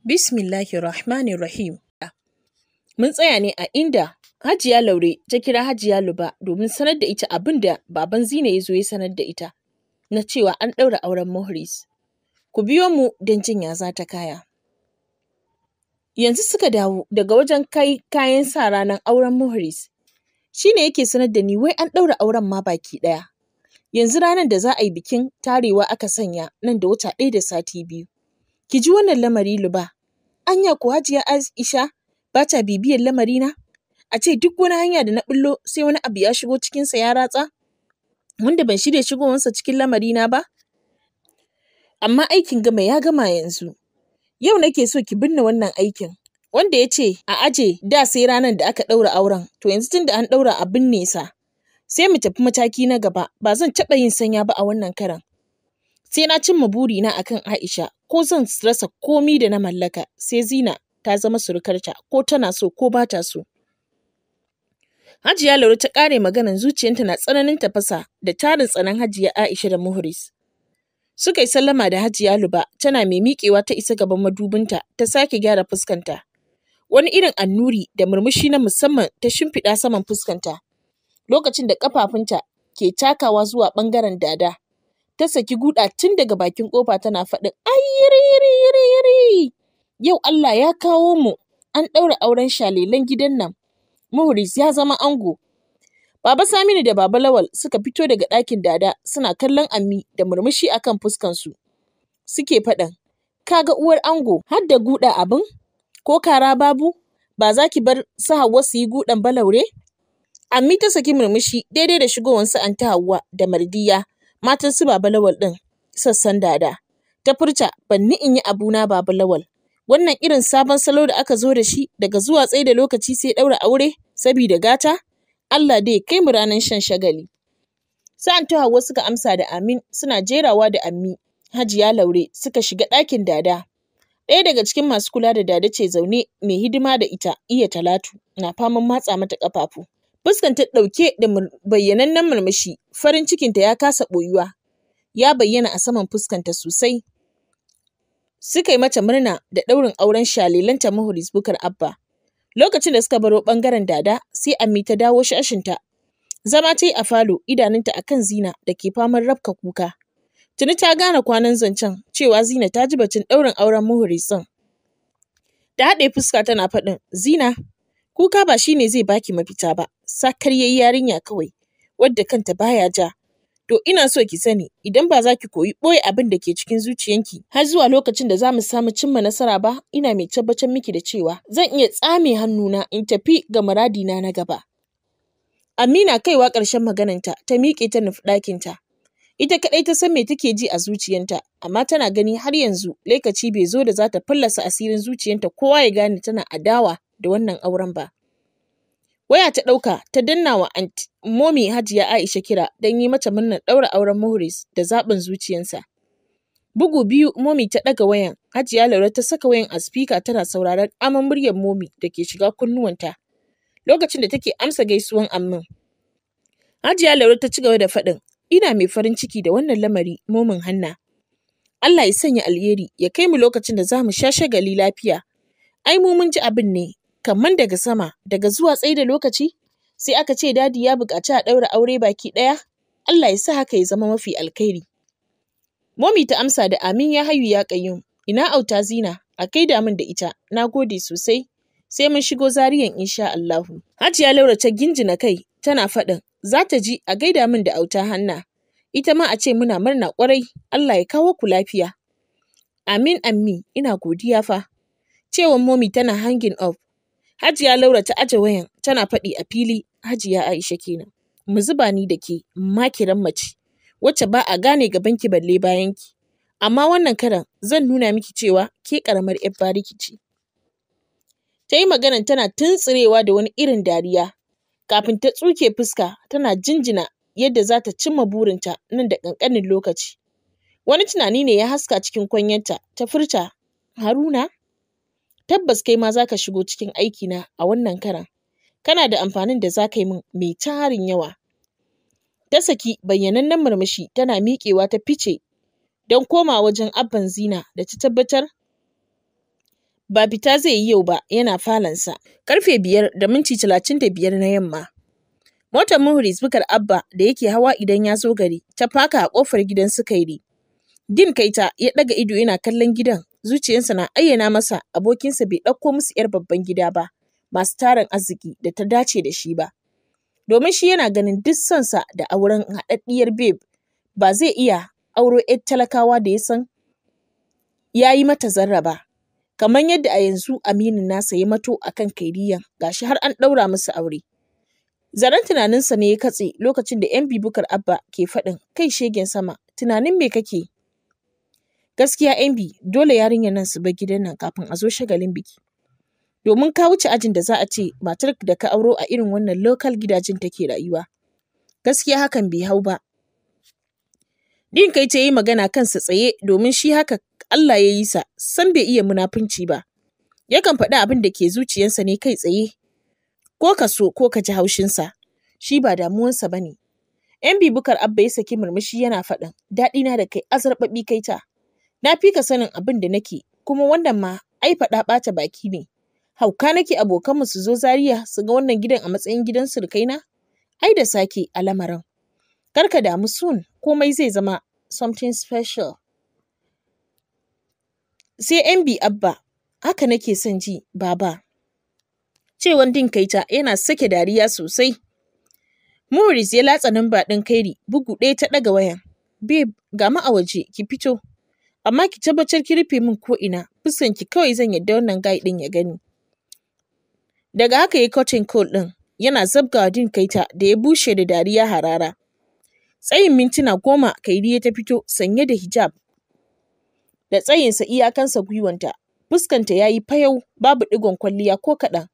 Bismillahi Rahmanir Rahim. Mun tsaya ne a inda Hajiya Laure ta kira Hajiya Luba domin sanar da ita abin da baban Zina ya zo ya sanar da ita na cewa an ɗaura auren Muhris. Ku biyo mu don jinya ya za ta kaya. Yanzu suka dawo daga wajen kai kayan sa ranar auren Muhris. Shi ne yake sanar da ni wai an ɗaura auren ma baki ɗaya. Yanzu ranar da za a yi bikin tarewa aka sanya nan da wata ɗaya da sati biyu. Ki ji wannan lamari Luba, Anya ko Hajiya Aisha ba ta bibiyar na? A ce duk wani hanya da na bullo sai wani abu ya shigo cikinsa ya ratsa? Wanda ban shirya shigowansa cikin lamari na ba? Amma aikin gama ya gama yanzu. Yau nake so ki binne wannan aikin. Wanda ya ce a aje da sai ranar da aka ɗaura auren, to yanzu tun da an ɗaura abin nesa. Sai mu tafi mataki na gaba, ba zan taɓa yin sanya ba a wannan karan. Sai na cimma burina akan Aisha, ko zan rasa komi da na mallaka sai zina ta zama surukarta ko tana so ko ba ta so. Hajiya Lauru ta kare maganan zuciyarta na tsananin tafasa da tarin tsanan Hajiya Aisha da Muhris. Suka yi sallama da Hajiya Luba tana mai miƙewa ta isa gaban madubinta ta sake gyara fuskanta. Wani irin annuri da murmushi na musamman ta shimfiɗa saman fuskanta. Lokacin da ƙafafunta ke takawa zuwa ɓangaren dada. ta saki guda tun daga bakin kofa tana faɗin ai yau Allah ya kawo mu an ɗaura auren shalelan gidan nan muhris ya zama ango Baba Saminu da Baba Lawal suka fito daga ɗakin dada suna kallon ammi da murmushi akan fuskan su Suke faɗan, kaga uwar ango har da guda abin? Ko kara babu? Ba za ki bar su Hauwa su yi gudan balaure? Ammi ta saki murmushi daidai da shigowansu an ta Hauwa da Mardiya matan su baba lawal ɗin sassan dada. Ta furta banni in yi abuna baba lawal. Wannan irin sabon salo da aka zo da shi daga zuwa tsaye da lokaci sai ɗaura aure sabida gata? Allah dai kai mu ranar shan shagali. Sa'an ta Hauwa suka amsa da amin suna jerawa da ammi. Hajiya Laure suka shiga ɗakin dada. Ɗaya daga cikin masu kula da dada ce zaune mai hidima da ita iya talatu na faman matsa mata ƙafafu. fuskanta ɗauke da bayyanannen murmushi farin cikinta ya kasa ɓoyuwa ya bayyana a saman fuskanta sosai suka yi mata murna da ɗaurin auren shalelanta muhuris bukar abba lokacin da suka baro ɓangaren dada sai ammi ta dawo shashinta zama ta yi a falo idanunta kan zina da ke faman rafka kuka tuni ta gane kwanan zancen cewa zina ta ji bacin ɗaurin auren muhuris ɗin da haɗe fuska tana faɗin zina kuka ba ne zai baki mafita ba sakariyar yarinya kawai wadda kanta baya ja. To ina so ki sani idan ba za ki koyi ɓoye abin da ke cikin zuciyanki har zuwa lokacin da za mu samu cimma nasara ba ina mai tabbatar miki da cewa zan iya tsame hannuna in tafi ga muradina na gaba. Amina kaiwa ƙarshen magananta ta miƙe ta nufi ɗakinta. Ita kaɗai ta san me take ji a zuciyanta, amma tana gani har yanzu lokaci bai zo da za ta fallasa asirin zuciyanta kowa ya gane tana adawa da wannan auren ba. Waya ta ɗauka ta danna wa anti Momi Hajiya Aisha kira don yi mata murnar ɗaura auren muhuris da zaɓin zuciyarsa. Bugu biyu Momi ta ɗaga wayan, Hajiya Laure ta saka wayan a sifika tana sauraron aman muryar Momi da ke shiga kunnuwanta lokacin da take amsa gaisuwan ammin. Hajiya Laure ta ci gaba da faɗin, ina mai farin ciki da wannan lamari Momin Hanna. Allah ya sanya alheri ya kai mu lokacin da za mu sha shagali lafiya. Ai mu mun ji abin ne kamar daga sama daga zuwa tsaye da lokaci sai aka ce dadi ya buƙaci a ɗaura aure baki ɗaya Allah ya sa haka ya zama mafi alkhairi momi ta amsa da amin ya hayu ya ƙayyum ina auta zina a kai da min da ita na gode sosai sai mun shigo zariyan insha Allahu hajiya laura ta ginjina kai tana faɗin za ta ji a gaida min da auta hanna ita ma a ce muna murna kwarai. Allah ya kawo ku lafiya amin ammi ina godiya fa Cewa momi tana hangin off Hajiya Laura ta aje wayan tana faɗi a fili Hajiya Aisha kenan. Mu zuba ni da ke makiran mace wacce ba a gane gabanki balle bayan ki? Amma wannan karan zan nuna miki cewa ke karamar 'yar bariki ce. Ta yi maganan tana tuntsirewa da wani irin dariya kafin ta tsuke fuska tana jinjina yadda za ta cimma burinta nan da ƙanƙanin lokaci. Wani tunani ne ya haska cikin kwanyenta ta furta Haruna? Tabbas kai ma za ka shigo cikin aikina a wannan karan. Kana da amfanin da za ka yi min mai tarin yawa. Ta saki bayyanannen murmushi tana miƙewa ta fice don koma wajen abban zina da ta tabbatar ba fita zai yi yau ba yana falansa. Karfe biyar da minti talatin da biyar na yamma. Motar muhuri zubukar Abba da yake hawa idan ya zo gari ta faka a kofar gidan Sukairi. Din kaita ya ɗaga ido yana kallon gidan zuciyarsa na ayyana masa abokinsa bai ɗauko musu 'yar babban gida ba, masu tarin arziki da ta dace da shi ba. Domin shi yana ganin duk sansa da auren haɗaɗɗiyar babe ba zai iya auro 'yar talakawa da ya san ya yi mata zarra ba. Kamar yadda a yanzu Aminu nasa ya mato a kan kairiyan gashi har an ɗaura musu aure. Zaren tunaninsa ne ya katse lokacin da 'yan bibukar Abba ke faɗin kai shegen sama tunanin me kake Gaskiya bi dole yarinyar nan su bar gidan nan kafin a zo shagalin biki. Domin ka wuce ajin da za a ce matar da ka auro a irin wannan lokal gidajen take rayuwa. Gaskiya hakan bai hau ba. Din kai ta yi magana kansa tsaye domin shi haka Allah ya yi sa san bai iya munafunci ba. Yakan faɗi abin da ke zuciyarsa ne kai tsaye. Ko ka so ko ka ji haushinsa. Shi ba damuwansa ba ne. ‘Yan Bukar Abba ya saki murmushi yana faɗin, daɗina da kai azarɓaɓi kai ta. Na fi ka sanin abin da nake, kuma wannan ma ai faɗa ɓata baki ne. Hauka nake abokanmu su zo Zariya su ga wannan gidan a matsayin gidan na Ai da sake a lamarin. Kar ka damu sun komai zai zama something special. Sai MB Abba, haka nake son ji, baba. Cewan din ta yana sake dariya sosai. Morris ya latsa namba ɗin kairi bugu ɗaya ta ɗaga wayan. Babe, ga ma a waje, ki fito. amma ki tabbatar ki rufe min ko ina fuskan ki kawai zan yadda wannan guy din ya gani daga haka ya cotton coat din yana zabgawa din kaita da ya bushe da dariya harara tsayin mintuna goma kairiya ta fito sanye da hijab da tsayinsa iyakansa gwiwanta fuskanta ya yi fayau babu digon kwalliya ko kaɗan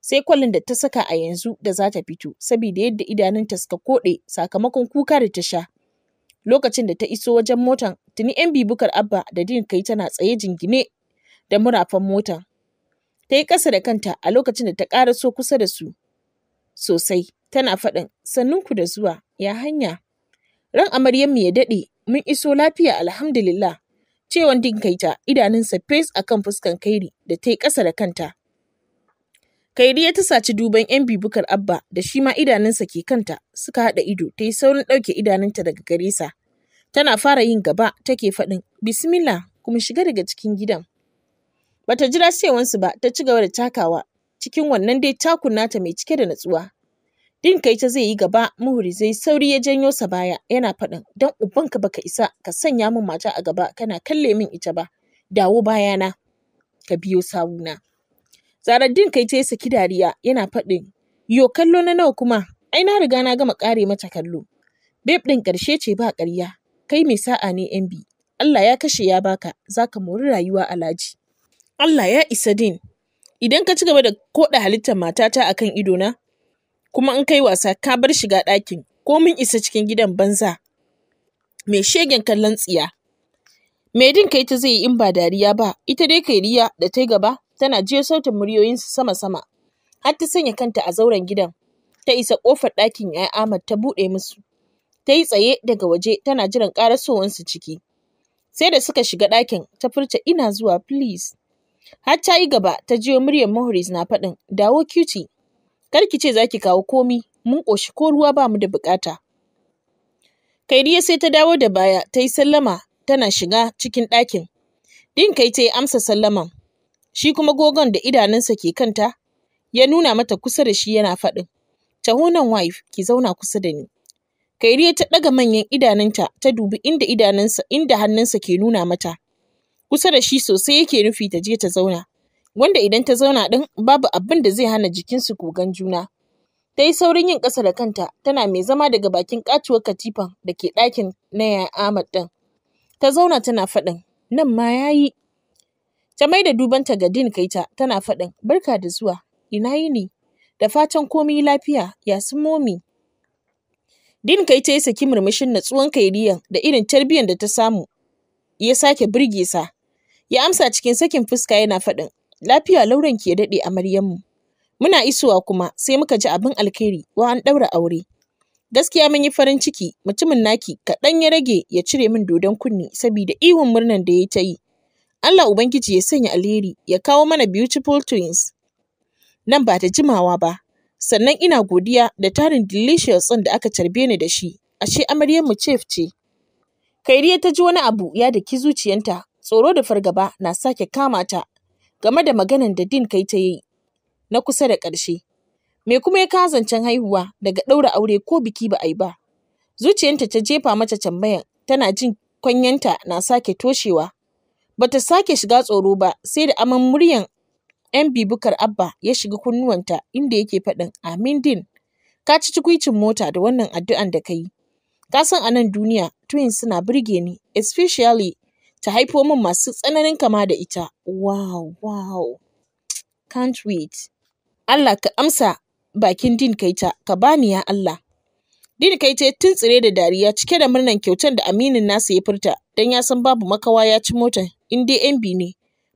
sai kwallon da ta saka a yanzu da za ta fito saboda yadda idanunta suka koɗe sakamakon kuka da ta sha Lokacin da ta iso wajen motan, tuni ‘yan bibukar Abba da Din kai tana tsaye jingine da murafan motan. Ta yi ƙasa da kanta a lokacin da ta ƙara so kusa da su sosai, tana faɗin, sannunku da zuwa, ya hanya. Ran mu ya daɗe, mun iso lafiya alhamdulillah. Cewan Din kaita idanunsa fes akan fuskan Kairi da ta yi ƙasa da kanta. kairi ya ta saci duban ‘yan bibukar Abba da shi ma idanunsa ke kanta suka haɗa ido ta yi saurin ɗauke idanunta daga gare sa. Tana fara yin gaba take faɗin bismillah kuma shiga daga cikin gidan. Bata jira cewansu ba ta ci gaba da takawa cikin wannan dai takun nata mai cike da natsuwa. Din kai ta zai yi gaba muhuri zai sauri ya janyo sa baya yana faɗin dan ubanka baka isa ka sanya min mata a gaba kana kalle min ita ba dawo bayana ka biyo sawuna. Zaraddin kai ta saki dariya yana faɗin, yo kallo na nawa kuma, ai na riga na gama ƙare mata kallo. bep ɗin ƙarshe ce ba ƙarya, kai mai sa'a ne MB. Allah ya kashe ya baka, za ka mori rayuwa alhaji. Allah ya isa din, idan ka ci gaba da koɗa halittar matata a kan idona, kuma in kai wasa ka bar shiga ɗakin, ko mun isa cikin gidan banza. Mai shegen kallon tsiya. Me din kai ta zai yi in ba dariya ba, ita dai kai riya da ta gaba tana jiyo sautin muryoyinsu sama-sama. Har ta sanya kanta a zauren gidan, ta isa ƙofar ɗakin ya Ahmad ta buɗe musu. Ta yi tsaye daga waje tana jiran ƙarasowansu ciki. Sai da suka shiga ɗakin ta furta ina zuwa please. Har ta yi gaba ta jiyo muryar Muhriz na faɗin dawo cutie. Kar ki ce za ki kawo komi mun ƙoshi ko ruwa ba mu da buƙata. Kairiya sai ta dawo da baya ta yi sallama tana shiga cikin ɗakin. Din kai ta yi amsa sallaman. Shi kuma gogon da idanunsa ke kanta ya nuna mata kusa da shi yana faɗin, Tahunan wife ki zauna kusa da ni. Kairiya ta ɗaga manyan idanunta ta dubi inda idanunsa inda hannunsa ke nuna mata. Kusa da shi sosai yake nufi ta je ta zauna, wanda idan ta zauna ɗin babu abin da zai hana jikinsu kogan juna. Ta yi saurin yin ƙasa da kanta tana mai zama daga bakin ƙatuwar katifan da ke ɗakin na Ahmad ɗin. Ta zauna tana faɗin, nan ma ya yi. Ta mai da dubanta ga Din Kaita tana faɗin, Barka da zuwa, ina yini? Da fatan komai lafiya, ya su momi. Din Kaita ya saki murmushin natsuwan kairiyan da irin tarbiyyar da ta samu. Ya sake birge sa. Ya amsa cikin sakin fuska yana faɗin, Lafiya lauren ki ya daɗe mu Muna isowa kuma sai muka ji abin alkhairi wa an ɗaura aure. gaskiya mun yi farin ciki mutumin naki kaɗan ya rage ya cire min dodon kunni saboda iwon murnan da ya ta yi Allah Ubangiji ya sanya alheri ya kawo mana beautiful twins. Nan ba da jimawa ba, sannan ina godiya da tarin delicious ɗin da aka tarbe ni da shi, ashe mu chef ce. Kairiya ta ji wani abu ya daki zuciyanta, tsoro da fargaba na sake kama ta game da maganan da din kai ta yi na kusa da ƙarshe. Me kuma ya kawo zancen haihuwa daga ɗaura aure ko biki ba a yi ba. Zuciyanta ta jefa mata tambayan tana jin kwanyanta na sake toshewa. Ba ta sake shiga tsoro ba sai da aman muryan ‘yan bibukar Abba ya shiga kunnuwanta inda yake faɗin Amin din. Ka ci tukwicin mota da wannan addu'an da ka yi. Ka san a duniya twins suna birge ni, especially ta haifo min masu tsananin kama da ita. Wow, wow. Can't wait. Allah ka amsa bakin din kaita, ka bani ya Allah. Din kaita ya tsire da dariya cike da murnan kyautar da aminin nasa ya furta, don ya san babu makawa ya ci motar in dai bi ne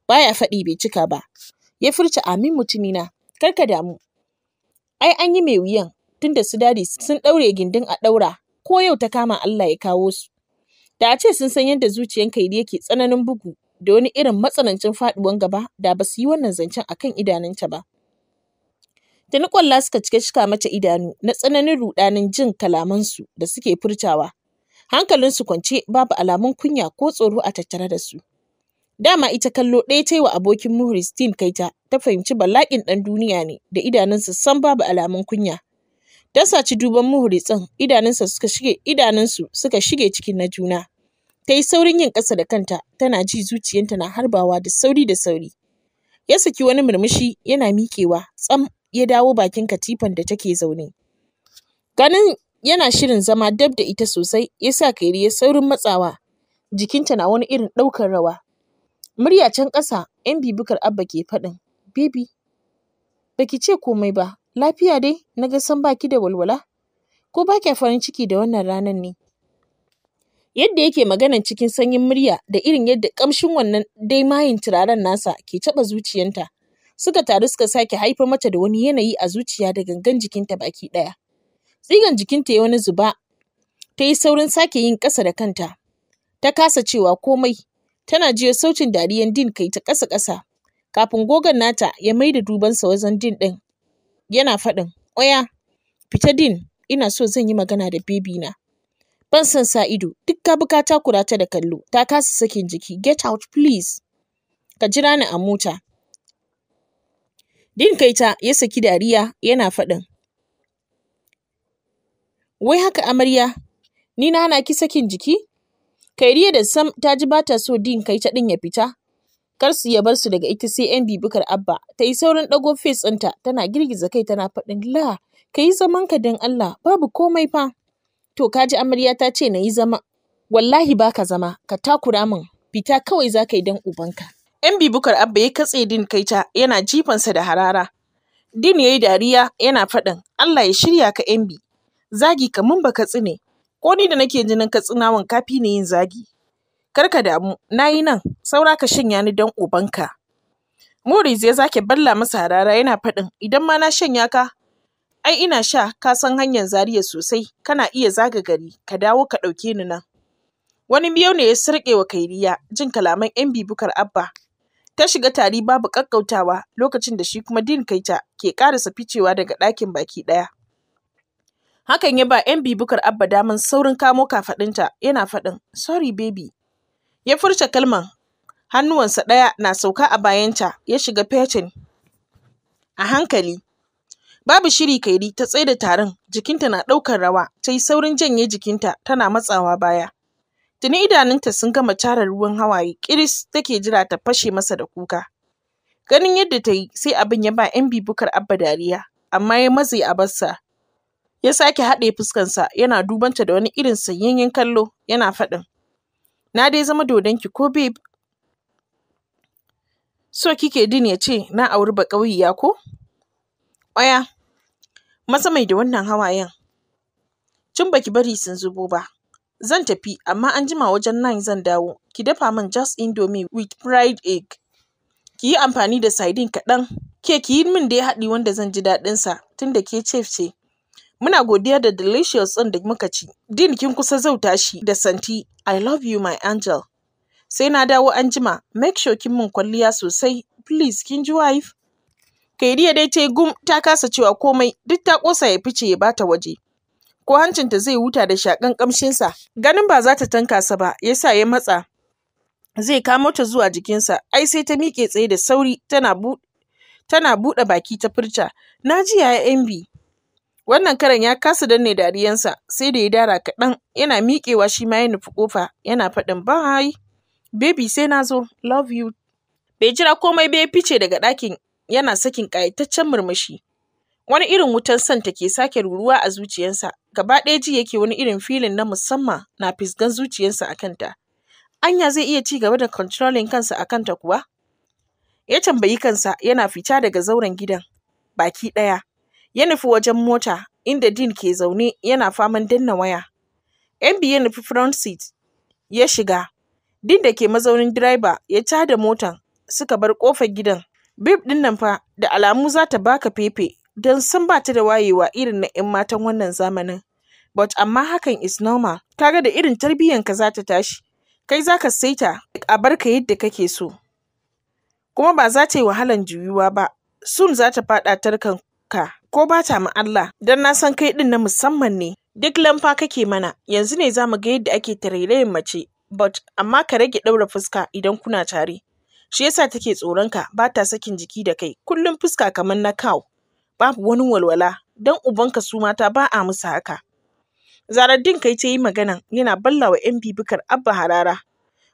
baya faɗi bai cika ba. Ya furta amin mutumina, kar ka damu. Ai an yi mai wuyan tunda su dadi sun ɗaure gindin a ɗaura ko yau ta kama Allah ya kawo su. Da a ce sun san yadda zuciyan Kaidi yake tsananin bugu da wani irin matsanancin faɗuwan gaba da ba su yi wannan zancen akan idanunta ba. Da ni kwalla suka cike cika mata idanu na tsananin ruɗanin jin kalamansu da suke furtawa. Hankalinsu kwance babu alamun kunya ko tsoro a tattare da su. Dama ita kallo ɗaya ta yi wa abokin Muhristin Kaita, ta fahimci balaƙin ɗan duniya ne da idanunsa san babu alamun kunya. Ta saci duban tsin idanunsa suka shige, idanunsu suka shige cikin na juna. Ta yi saurin yin ƙasa da kanta, tana ji zuciyanta na harbawa da sauri da sauri. Ya saki wani murmushi yana miƙewa, tsam ya dawo bakin katifan da take zaune. Ganin yana shirin zama dab da ita sosai, ya sa Kairi ya saurin matsawa. Jikinta na wani irin ɗaukar rawa, Murya can ƙasa, ‘yan bibikar Abba ke faɗin, Bibi, Baki ce komai ba, lafiya dai, na ga san baki da walwala? Ko ba kya farin ciki da wannan ranar ne? Yadda yake maganan cikin sanyin murya da irin yadda ƙamshin wannan dai mayin turaren nasa ke taɓa zuciyanta, suka taru suka sake haifar mata da wani yanayi a zuciya da gangan jikinta baki ɗaya. Tsigan jikinta ya wani zuba, ta yi saurin sake yin ƙasa da kanta, ta kasa cewa komai Tana jiyo sautin dariyan Din kai ta ƙasa-ƙasa. Kafin gogon nata ya mai da dubansa wajen Din ɗin. Yana faɗin, Oya, fita Din, ina so zan yi magana da bebi na. Ban san sa ido, duk ka buka ta takura ta da kallo, ta kasa sakin jiki, get out please. Ka jira ni a mota. Din kai ta ya saki dariya yana faɗin. Wai haka amarya, ni na ana ki sakin jiki? Kairiya da Sam ta ji ba ta so din kai ta ɗin ya fita. Kar su ya bar su daga ita sai MB Bukar Abba ta yi saurin ɗago fes ɗinta tana girgiza kai tana faɗin la ka yi zaman ka don Allah babu komai fa. To ka ji amarya ta ce na yi zama. Wallahi ba ka zama ka takura min fita kawai za ka yi don ubanka. MB Bukar Abba ya katse Din ta, yana jifansa da harara. Din ya yi dariya yana faɗin Allah ya shirya ka bi. Zagi kamun baka tsine ko ni da nake jinin katsinawan kafi ne yin zagi kar ka damu na yi nan saura ka shanya ni don ubanka moris ya zake balla masa harara yana faɗin idan ma na shanya ka ai ina sha ka san hanyar zariya sosai kana iya zaga gari ka dawo ka ɗauke ni nan wani miyo ne ya sarƙe wa kairiya jin kalaman yan bibukar abba ta shiga tari babu ƙaƙƙautawa lokacin da shi kuma din kaita ke ƙarasa ficewa daga ɗakin baki ɗaya Hakan ya ba ‘yan bibukar Abba daman saurin kamo kafaɗinta yana faɗin, Sorry baby. Ya furta kalman, hannuwansa ɗaya na sauka a bayanta ya shiga fetin. A hankali, babu shiri kairi ta da taron, jikinta na ɗaukar rawa, ta yi saurin janye jikinta tana matsawa baya. Tuni idanunta sun gama tara ruwan hawaye, ƙiris take jira ta fashe masa da kuka. Ganin yadda ta yi, sai abin ya ba ‘yan bibukar Abba dariya, amma ya matse a bassa. Ya sake haɗe fuskarsa yana dubanta da wani irin sanyayyen kallo yana faɗin. Na dai zama dodonki ko babe? So kike din ya ce na auri ba ƙauyiya ko? Ƙwaya, masa mai da wannan hawayen. Tun baki bari sun zubo ba. Zan tafi amma an jima wajen nan zan dawo. Ki dafa min just indomie with fried egg. Ki yi amfani da sardine kaɗan. Ke ki yi min da ya haɗi wanda zan ji daɗinsa tunda ke chef ce. Muna godiya da Delicious ɗin da muka ci. 'Din kin kusa zau shi da Santi. I love you my angel. Sai na dawo anjima. Make sure kin mun kwalliya sosai. Please kin ji wife. Kairiya dai ta gum ta kasa cewa komai duk ta kosa ya fice ya bata waje. Ko hancinta zai huta da shakan ƙamshinsa? Ganin ba za ta tanka sa ba, yasa ya matsa. Zai kamo ta zuwa jikinsa, ai sai ta miƙe tsaye da sauri tana buɗe baki ta furta. Na ji yaya MB, Wannan karan ya kasa danne dariyansa sai da ya dara kaɗan yana miƙewa shi ma ya nufi ƙofa yana faɗin bye baby sai na zo love you. Bai jira komai ba ya fice daga ɗakin yana sakin ƙayataccen murmushi. Wani irin wutan son ke sake ruruwa a zuciyarsa gaba ɗaya ji yake wani irin filin na musamman na fisgan zuciyarsa a kanta. Anya zai iya ci gaba da controlling kansa a kanta kuwa? Ya tambayi kansa yana fita daga zauren gidan baki ɗaya. ya nufi wajen mota inda Dean ke zaune yana faman danna waya. biyu, ya nufi front seat ya shiga. Dean da ke mazaunin direba ya tada motan suka bar kofar gidan. Bib din nan fa da alamu za ta baka fefe don san ba ta da wayewa irin na 'yan matan wannan zamanin. But amma hakan is normal. Kaga da irin tarbiyyanka za ta tashi. Kai za ka saita a barka yadda kake so. Kuma ba za ta yi wahalan juyuwa ba. Sun za ta faɗa tarkan ka ko ba ta mu Allah don na san kai ɗin na musamman ne duk lamfa kake mana yanzu ne za mu ga yadda ake tarairayin mace but amma ka rage ɗaura fuska idan kuna tare shi yasa take tsoronka ba ta sakin jiki da kai kullum fuska kamar na kawo. babu wani walwala don ubanka su mata ba a musu haka zarar din kai ta yi maganan yana balla wa yan bibikar abba harara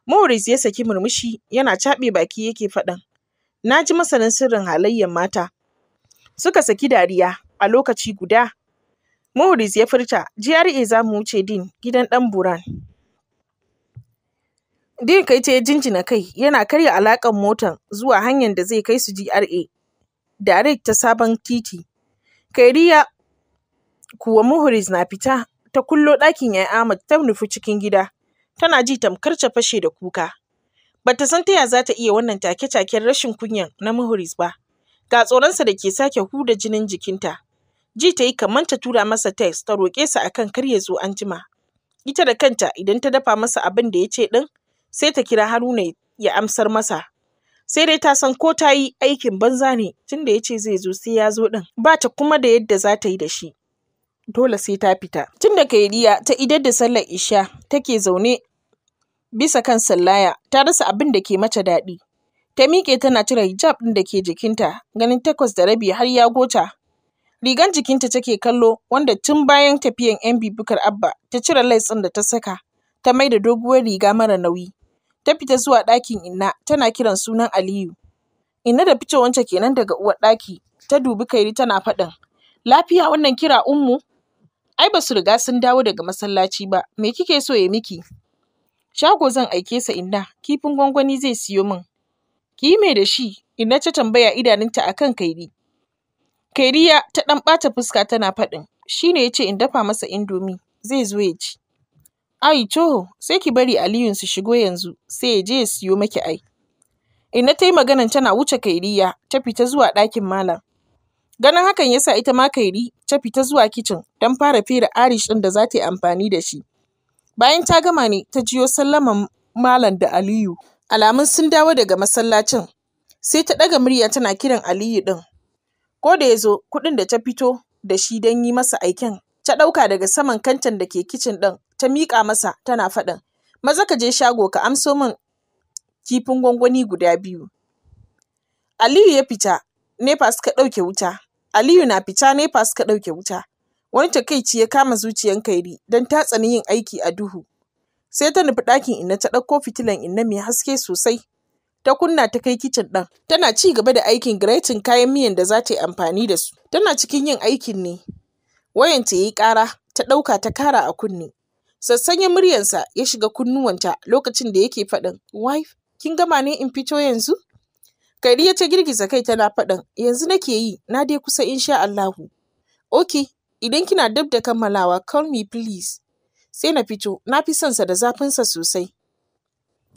maurice ya saki murmushi yana caɓe baki yake faɗan na ji masanin sirrin halayyar mata Suka saki dariya a lokaci guda. Muhris ya furta, GRA za mu wuce din gidan ɗan Buran. Din kai ya jinjina kai yana karya alaƙar motar zuwa hanyar da zai kai su GRA. Direct ta sabon titi. Kairiya kuwa muhuris na fita ta kullo ɗakin yayin Ahmad ta nufi cikin gida. Tana ji tamkar ta fashe da kuka. Bata san ta ya za ta iya wannan take-taken rashin kunya na muhuris ba. ga tsoronsa da ke sake huda jinin jikinta ji ta yi kamar ta tura masa text ta roƙe sa akan kar ya zo an jima ita da kanta idan ta dafa masa abin da ya ce ɗin sai ta kira haruna ya amsar masa sai dai ta san ko ta yi aikin banza ne tunda ya ce zai zo sai ya zo ɗin ba ta kuma da yadda za ta yi da shi dole sai ta fita Tun tunda kairiya ta idar da sallar isha take zaune bisa kan sallaya ta rasa abin da ke mata daɗi Ta miƙe tana cire hijab ɗin da ke jikinta, ganin takwas da rabi har ya gota. Rigan jikinta take kallo wanda tun bayan tafiyan ‘yan bibikar Abba ta cire lais ɗin da ta saka, ta maida doguwar riga mara nauyi. Ta fita zuwa ɗakin Inna tana kiran sunan Aliyu. Inna da fitowarta kenan daga uwar ɗaki, ta dubi Kairi tana faɗin, lafiya wannan kira Ummu? Ai ba su riga sun dawo daga masallaci ba, me kike so ya miki? Shago zan aike sa Inna, kifin gwangwani zai siyo min. ki yi mai da shi ina ta tambaya idanunta a kan kairi kairiya ta ɗan ɓata fuska tana faɗin shi ne ya ce in dafa masa indomi zai zo ya ci ai to sai ki bari aliyun su shigo yanzu sai ya je ya siyo maki ai inna ta yi maganan tana wuce kairiya ta fita zuwa ɗakin malam ganin hakan ya sa ita ma kairi ta fita zuwa kicin don fara fere Irish ɗin da za ta yi amfani da shi bayan ta gama ne ta jiyo sallaman malam da aliyu alamun sun dawo daga masallacin sai ta ɗaga murya tana kiran aliyu ɗin ko da ya zo kuɗin da ta fito da shi don yi masa aikin, ta ɗauka daga saman kantan da ke kicin ɗin ta miƙa masa tana faɗin maza ka je shago ka amso min kifin gwangwani guda biyu aliyu ya fita nepa suka ɗauke wuta aliyu na fita nepa suka ɗauke wuta wani takaici ya kama zuciyan kairi don ta yin aiki a duhu sai ta nufi ɗakin inna ta ɗauko fitilan inna mai haske sosai ta kunna ta kai kicin ɗan. tana ci gaba da aikin giretin kayan miyan da za ta yi amfani da su tana cikin yin aikin ne wayanta ya yi ƙara ta ɗauka ta kara a kunne sassanya muryarsa ya shiga kunnuwanta lokacin da yake faɗin wife kin gama ne in fito yanzu ya ta girgiza kai tana faɗin yanzu nake yi na dai kusa insha Allahu. Ok, idan kina dab da kammalawa call me please. sai na fito na fi son sa da zafinsa sosai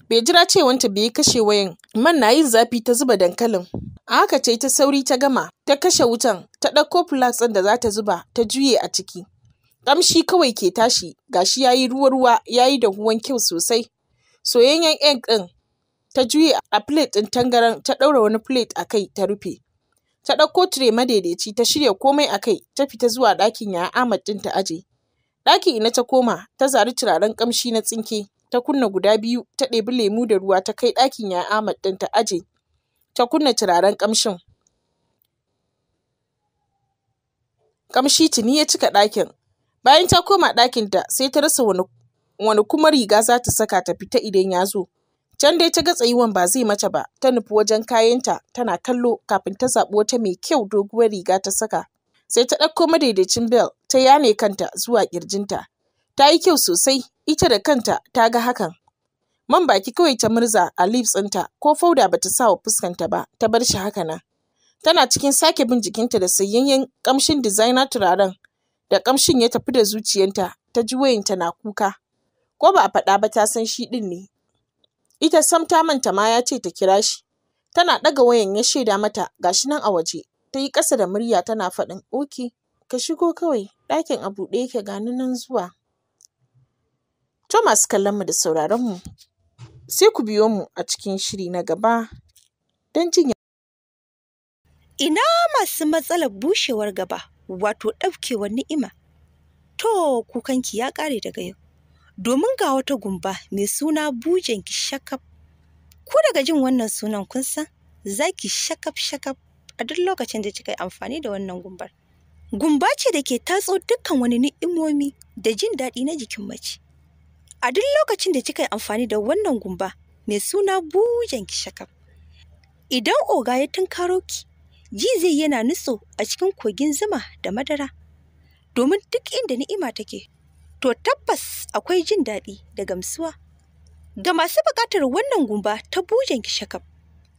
bai jira cewanta bai kashe wayan man na yin zafi ta zuba dankalin a haka ta ta sauri ta gama ta kashe wutan ta ɗauko flas ɗin da za ta zuba ta juye a ciki ƙamshi kawai ke tashi gashi ya yi ruwa-ruwa ya yi dahuwan kyau sosai soyayyen egg ɗin ta juye a plate ɗin tangaran ta ɗaura wani plate a kai ta rufe ta ɗauko tire madaidaici ta shirya komai a kai ta fita zuwa ɗakin ya Ahmad ɗin ta aje Ɗaki Ina ta koma, ta zari turaren ƙamshi na tsinke, ta kunna guda biyu, ta ɗebi lemu da ruwa ta kai ɗakin ya Ahmad ɗin ta aje, ta kunna turaren ƙamshin. Ƙamshi tuni ya cika ɗakin. Bayan ta koma ɗakin ta sai ta rasa wani, wani kuma riga za ta saka ta fita idan ya zo. Can dai ta ga tsayuwan ba zai mata ba, ta nufi wajen kayanta tana kallo kafin ta zaɓi wata mai kyau doguwar riga ta saka. Sai ta ɗauko madaidaicin bel ta yane kanta zuwa ƙirjinta. Ta yi kyau sosai, ita da kanta ta ga hakan. Man baki kawai ta murza a lipsinta ko fauda bata sa wa fuskanta ba, ta bar shi haka nan. Tana cikin sake bin jikinta da sayayyen ƙamshin designer turaren da ƙamshin ya tafi da zuciyanta ta ji wayanta na kuka. Ko ba a faɗa ba ta san shi ɗin ne. Ita sam ta manta ma ya ce ta kira shi. Tana ɗaga wayan ya shaida mata gashi nan a waje. Ta yi ƙasa da murya tana faɗin oke, ka shigo kawai. ɗakin a buɗe yake gani nan zuwa. To masu kallon mu da sauraron mu sai ku biyo mu a cikin shiri na gaba don jin Ina masu matsalar bushewar gaba wato ɗaukewar ni'ima. To kukanki ya ƙare daga yau. Domin ga wata gumba mai suna bujen ki shakaf. Ku daga jin wannan sunan kun san za ki shakaf shakaf a duk lokacin da kika yi amfani da wannan gumbar. Gumba ce da ke tatso dukkan wani ni'imomi da jin daɗi na jikin mace. A duk lokacin da kika yi amfani da wannan gumba mai suna bujen ki Idan oga ya tunkaro ki, ji zai yana nutso a cikin kogin zuma da madara. Domin duk inda ni'ima take, to tabbas akwai jin daɗi da gamsuwa. Ga masu buƙatar wannan gumba ta bujen ki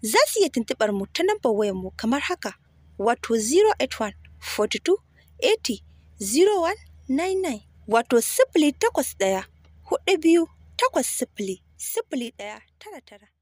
za su iya tuntuɓar mu ta nambar wayanmu kamar haka, wato 081 42 80 0199 wato sifili takwas ɗaya huɗu biyu takwas sifili sifili ɗaya tara tara.